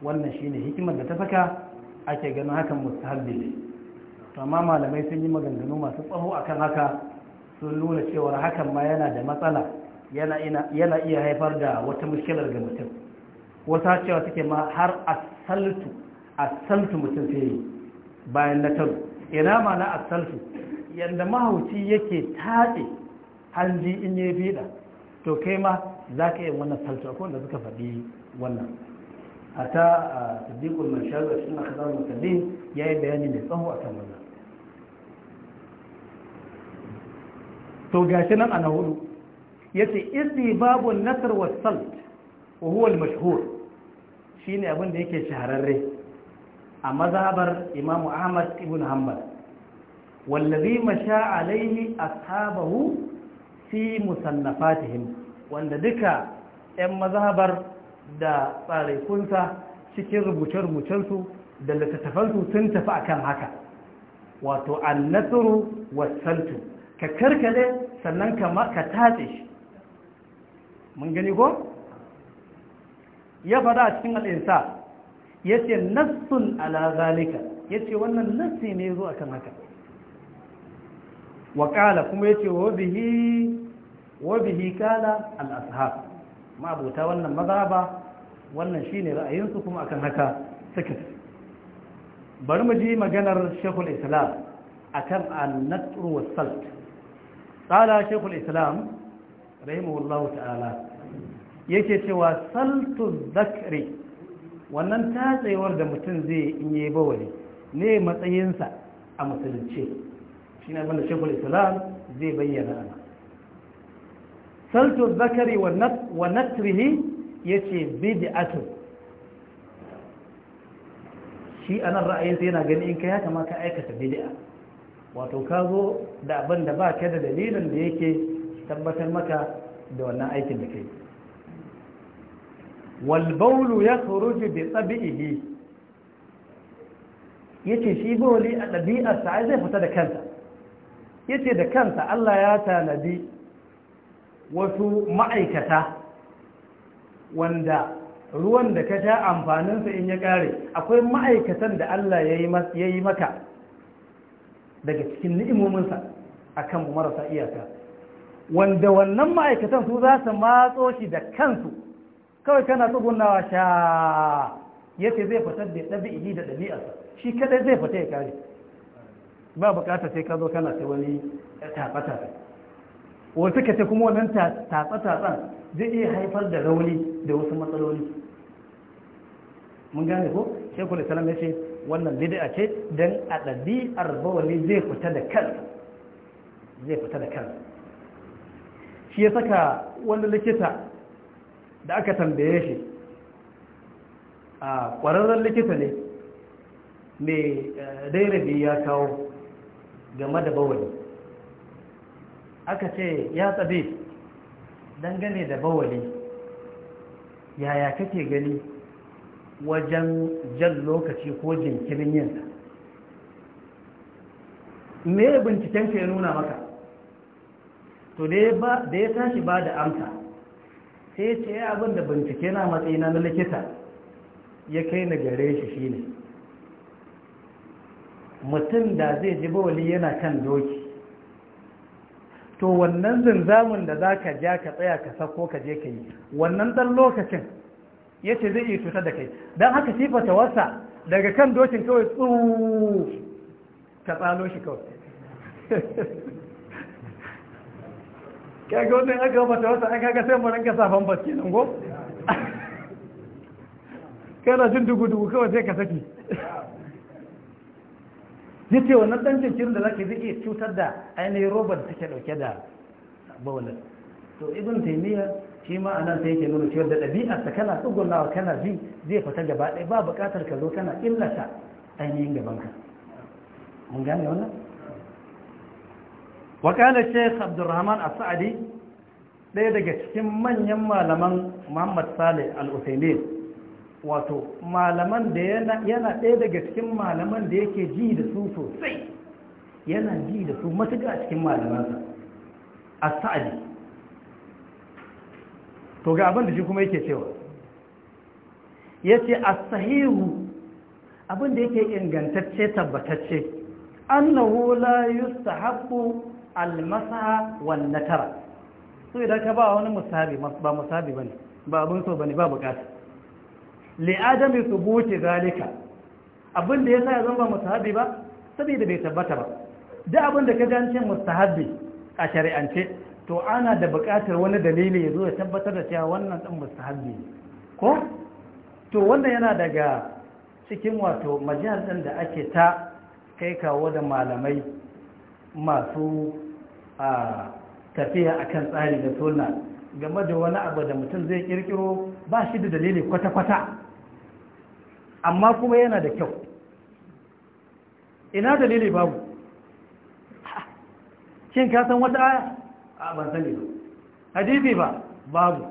wannan shine hikimar da ta saka ake ganin hakan mustahabbi ne to amma malamai sun yi maganganu masu tsaho akan haka sun nuna cewa hakan ma yana da matsala yana iya haifar da wata mushkilar ga mutum wata cewa take ma har asaltu asaltu mutum sai yi bayan na taru ina ma na asaltu yadda mahauci yake taɗe hanji in ya fiɗa to kai ma za ka yi wannan saltu akwai wanda suka faɗi wannan a ta a siddiƙul mashal a cikin akadar mutane ya yi bayani mai tsawo a kan wannan to gashi nan a na hudu ya ce isi babu nasar wa salt wa huwal mashhur shine abin da yake shahararre a mazabar imamu ahmad ibn hanbal wallazi masha alaihi ashabahu fi musannafatihim wanda duka 'yan mazabar da tsaraikunsa cikin rubuce-rubucensu da littattafansu sun tafi akan haka wato Annasiru wasantu ka karkade sannan ka tatse shi mun gani ko? ya fada a cikin al'insa yace nassun ala zalika yace wannan nassi ne zuwa kan haka wa kuma yace wa Wabihi kala al ashab ma abota wannan mazhaba wannan shine ra'ayin su kuma akan haka suka bari mu ji maganar shekul Islam akan an-natr was salt tsada shekul Islam rahimahullahu ta'ala yake cewa saltun dhakri wannan tatsewar da mutum zai in yi bawali ne matsayinsa a musulunce shi ne abinda shekul islam zai bayyana ana saltu zakari wa natrihi ya ce bid'atu shi a nan ra'ayinsa yana gani in ka ya kama ka aikata bidi'a, wato ka zo da abin da ba ka da dalilin da yake tabbatar maka da wannan aikin da kai walbaulu ya kuruji tsabi tsabi'ihi ya ce shi boli a ɗabi'arsa a zai fita da kansa ya ce da kansa Allah ya tanadi wasu ma'aikata wanda ruwan da ka sha amfaninsa in ya ƙare akwai ma'aikatan da Allah ya yi maka daga cikin ni'imominsa a kan marasa iyaka wanda wannan ma'aikatan su za su matso shi da kansu kawai kana tsugunawa sha ya ce zai fitar da ili da ɗabi'arsa shi kadai zai fita ya kare ba bukata sai ka zo kana ta wani tatsa-tatsa wasu ka kuma wannan tatsa-tatsan zai iya haifar da rauni da wasu matsaloli mun gane ko shekul islam ya ce wannan bid'a ce don a ɗabi'ar bawali zai fita da kansa zai fita da kansa shi ya saka wani likita da aka tambaye shi a ƙwararren likita ne mai eh, dairabi ya kawo game da bawali aka ce ya tsabe dangane da bawali yaya kake gani wajen jan lokaci ko jinkirin yinsa me binciken ka nuna maka to da ya tashi ba da amsa sai ce ya abin da bincike na matsayina na likita ya kai na gare shi shine mutum da zai ji bawali yana kan doki to wannan zinzamin da za ka ja ka tsaya ka sako ka je ka yi wannan ɗan lokacin ya ce zai iya cutar da kai don haka sifata wasa daga kan dokin kawai tsuu ka tsalo shi kawai kaga wannan aka mata wata an kaga sai mu rinka safan baske nan go kana jin dugu dugu kawai sai ka saki yace wannan dan jinkirin da zaka zai iya cutar da ainihin robar da take dauke da bawalin to ibn taymiya shi ma anan sai yake nuna cewa da dabi'a ta kana tsugunawa kana bi zai fita gaba ɗaya ba buƙatar ka zo kana illata ainihin gaban ka mun gane wannan wakala sheikh abdurrahman asa'adi ɗaya daga cikin manyan malaman muhammad saleh al-usaimin wato malaman da yana ɗaya daga cikin malaman da yake ji da su sosai yana ji da su matuƙa a cikin malamansa asa'adi to ga abin da shi kuma yake cewa ya ce sahihu, abin da yake ingantacce tabbatacce annahu la yustahabbu almasa wal natara so idan ka ba wani musabi ba musabi bane ba abun so bane ba bukata li adami thubuti zalika abin da yasa ya zama ba musabi ba saboda bai tabbata ba duk abin da ka ga an ce mustahabi a shari'ance to ana da bukatar wani dalili ya zo ya tabbatar da cewa wannan din mustahabi ko to wannan yana daga cikin wato majalisar da ake ta kai kawo da malamai masu a tafiya akan tsari da sunna game da wani abu da mutum zai kirkiro ba shi da dalili kwata-kwata amma kuma yana da kyau ina dalili babu kin ka san wata aya a ban sani ba hadisi ba babu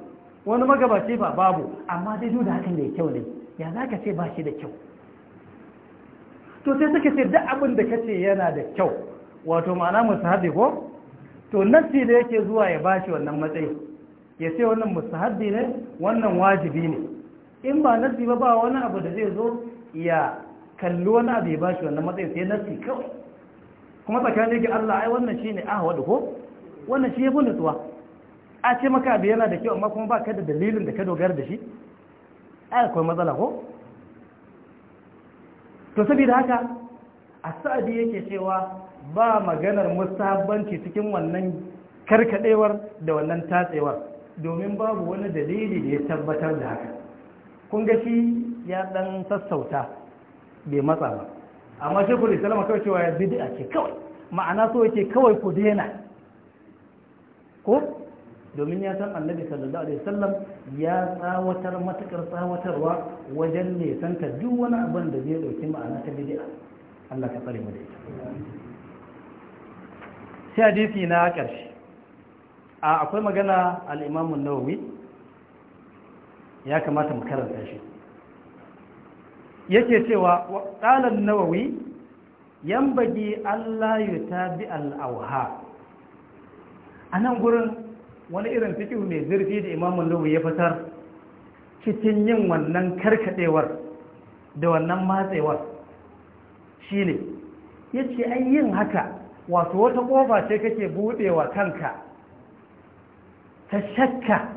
wani magabaci ba babu amma dai duk da hakan da kyau ne ya za ka ce ba shi da kyau to sai suka ce duk abin da ka ce yana da kyau wato ma'ana musu haɗe ko to nassi da yake zuwa ya bashi wannan matsayi ya ce wannan mustahabbi ne wannan wajibi ne in ba nassi ba ba wani abu da zai zo ya kalli wani abu ya bashi wannan matsayi sai nassi kawai kuma tsakanin yake Allah ai wannan shine wadu ko wannan shi yafi nutsuwa a ce maka abu yana da kyau amma kuma ba ka da dalilin da ka dogara da shi ai akwai matsala ko to saboda haka a sa'adi yake cewa ba maganar musabbanci cikin wannan karkadewar da wannan tatsewar domin babu wani dalili da ya tabbatar da haka kun ga shi ya dan sassauta bai matsa ba amma shi kuri salama kawai cewa ya a ce kawai ma'ana so yake kawai ku daina ko domin ya san annabi sallallahu alaihi wasallam ya tsawatar matukar tsawatarwa wajen nesanta duk wani abin da zai dauki ma'ana ta bidi'a. Allah ka tsare mu da ita sai hadisi na ƙarshe a akwai magana al'imamun nawawi ya kamata mu karanta shi yake cewa qala nawawi yan bagi Allah bi al'auha. A nan gurin wani irin fiƙi mai zurfi da imamun nawawi ya fitar cikin yin wannan karkaɗewar da wannan matsewar ya yace ai yin haka wato wata ƙofa ce kake buɗewa kanka ta shakka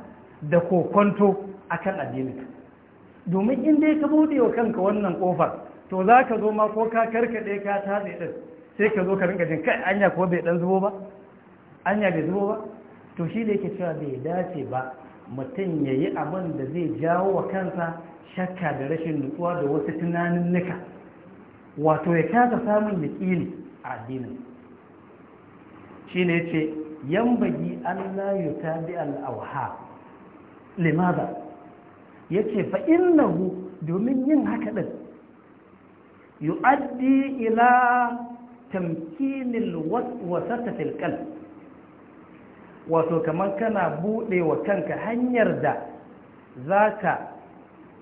da kokonto akan addininka domin inda dai ka buɗewa kanka wannan kofar to za ka zo ma ko ka karkaɗe ka tabe din sai ka zo ka rinka jin kai anya ko bai ɗan zubo ba anya bai zubo ba to shi da yake cewa bai dace ba mutum ya yi abin da zai jawo wa kansa shakka da rashin nutsuwa da wasu tunanin nika wato ya kasa samun yaƙini a addinin shi ne ce yan bagi allah ya tabi al'auha limaza ya ce fa'in domin yin haka ɗin addi ila tamkinil ta filkal wato kamar kana buɗe wa kanka hanyar da za ka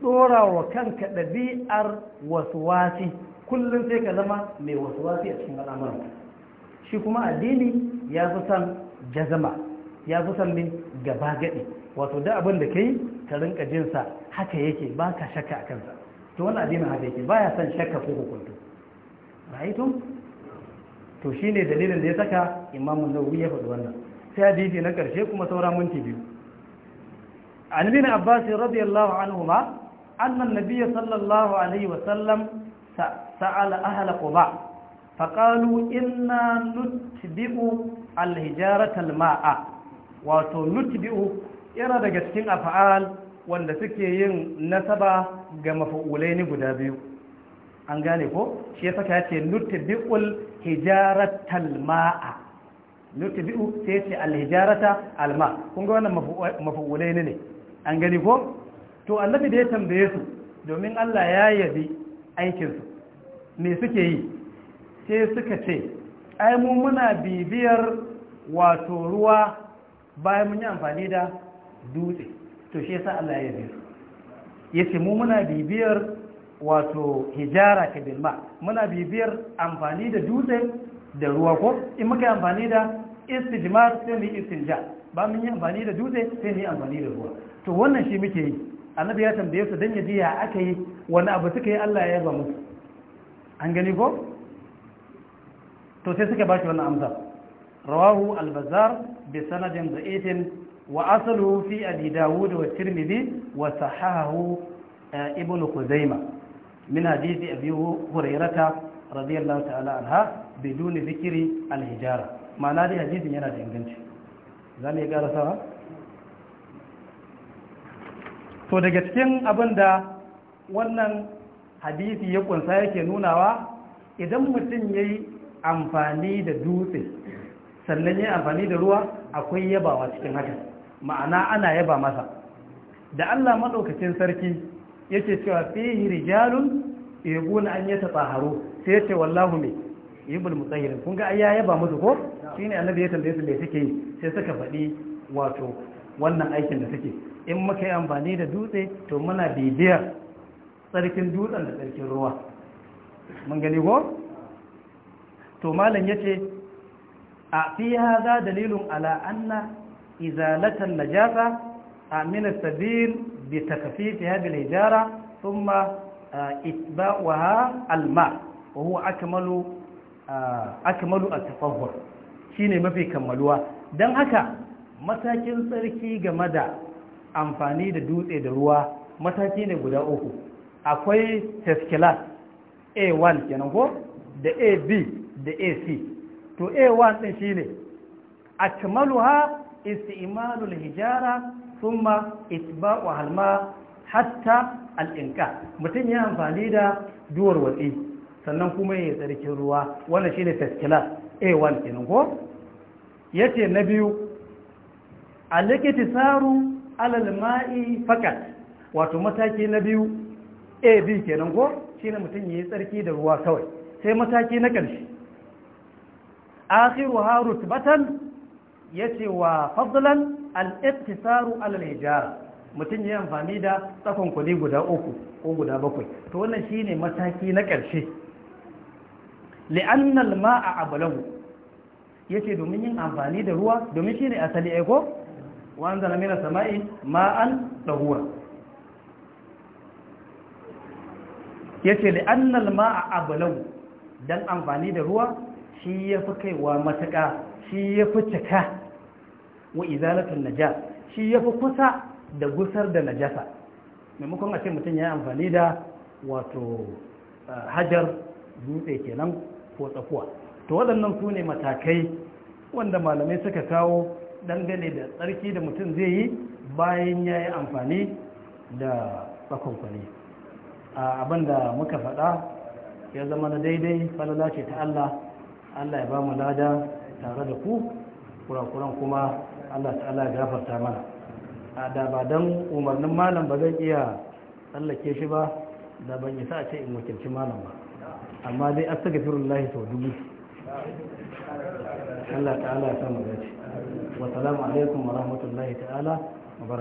ɗora wa kanka ɗabi'ar wasu wasi kullum sai ka zama mai wasu wasi a cikin al'amuran shi kuma addini ya fi son jazama ya fi son min gaba gadi. wato da abin da kai ka rinka jinsa haka yake ba ka shakka a kansa to wani addinin haka yake ba ya son shakka ko hukuntu ra'aitun to shi ne dalilin da ya saka imamun nawawi ya faɗi wannan sai hadisi na ƙarshe kuma saura minti biyu an bin abbas radiyallahu anhu ma annan nabiyya sallallahu alaihi wa sallam sa'ala ahla quba faqalu inna nutbi'u alhijarata alma'a wato nutbi'u yana daga cikin af'al wanda suke yin nasaba ga mafa'ulai ne guda biyu an gane ko shi ya saka yace nutbi'ul hijaratal ma'a nutbi'u sai yace alhijarata alma kun ga wannan mafa'ulai ne an gane ko to annabi da ya tambaye su domin Allah ya yabi aikinsu. me suke yi sai suka ce ai mu muna bibiyar wato ruwa bayan mun yi amfani da dutse to shi yasa Allah ya yabe Ya yace mu muna bibiyar wato hijara ka bilma muna bibiyar amfani da dutse da ruwa ko in muka yi amfani da istijmar sai mu yi istinja ba mun yi amfani da dutse sai mu yi amfani da ruwa to wannan shi muke yi annabi ya tambaye su dan ya ji ya aka yi wani abu suka yi Allah ya yaba musu an gani ko to sai suka bashi wannan amsa rawahu al-bazzar bi sanadin da'itin wa asalu fi abi dawud wa tirmidhi wa sahahu eh, ibn khuzaimah min hadisi abi hurairata radiyallahu ta'ala anha biduni zikri al-hijara ma'ana dai hadisin yana da inganci za mu yi karasawa to daga cikin abin da wannan hadisi ya kunsa yake nunawa idan mutum ya yi amfani da dutse sannan ya amfani da ruwa akwai yabawa cikin haka ma'ana ana yaba masa da allah maɗaukacin sarki yake cewa fihi rijalun yabuna an yata tsaharo sai yace wallahu me yibul mutahhirin kun ga ya yaba musu ko shine annabi ya tambaye su me suke yi sai suka faɗi wato wannan aikin da suke in muka yi amfani da dutse to muna bibiyar tsarkin dutsen da tsarkin ruwa mun gani ko to malam yace a fi hadha dalilun ala anna izalatan najasa amina sabil bi takfifiha bil hijara thumma itba'uha al ma wa huwa akmalu akmalu at tatahhur shine mafi kammaluwa dan haka matakin tsarki game da amfani da dutse da ruwa mataki ne guda uku akwai test class a1 kenan ko da ab da ac to a1 din shine akmaluha istimalul hijara thumma itba'u halma hatta al'inka mutum ya amfani da duwar watsi sannan kuma ya tsarki ruwa wannan shine test class a1 kenan ko yace na biyu alikitisaru alal ma'i fakat wato mataki na biyu A B kenan ko shine mutum yi tsarki da ruwa kawai sai mataki na ƙarshe akhiru ha ya ce wa fadlan al al’ijara ala al-hijara mutum yi amfani da tsakon kuli guda uku ko guda bakwai to wannan shine mataki na ƙarshe li'annal a maa ya ce domin yin amfani da ruwa domin shine asali aiko eh ko mina anzala sama'i ma'an ɗahuwa Yace ce da annal ma'a abalau don amfani da ruwa shi yafi fi kaiwa matuƙa shi yafi fi cika wa izalatun naja shi ya kusa da gusar da najasa maimakon a ce mutum ya amfani da wato eh, hajar dutse kenan ko tsakuwa to waɗannan su ne matakai wanda malamai suka kawo dangane da tsarki da mutum zai yi bayan ya yi amfani da tsakonkwani abin da muka faɗa ya zama na daidai falala ce ta Allah Allah ya ba mu lada tare da ku kurakuran kuma Allah ta'ala ya gafarta mana a da ba don umarnin malam ba zai iya tsallake shi ba da ban isa a ce in wakilci malam ba amma dai saka lahi sau dubu Allah ta'ala ya samu gaci wa salamu alaikum wa rahmatullahi ta'ala wa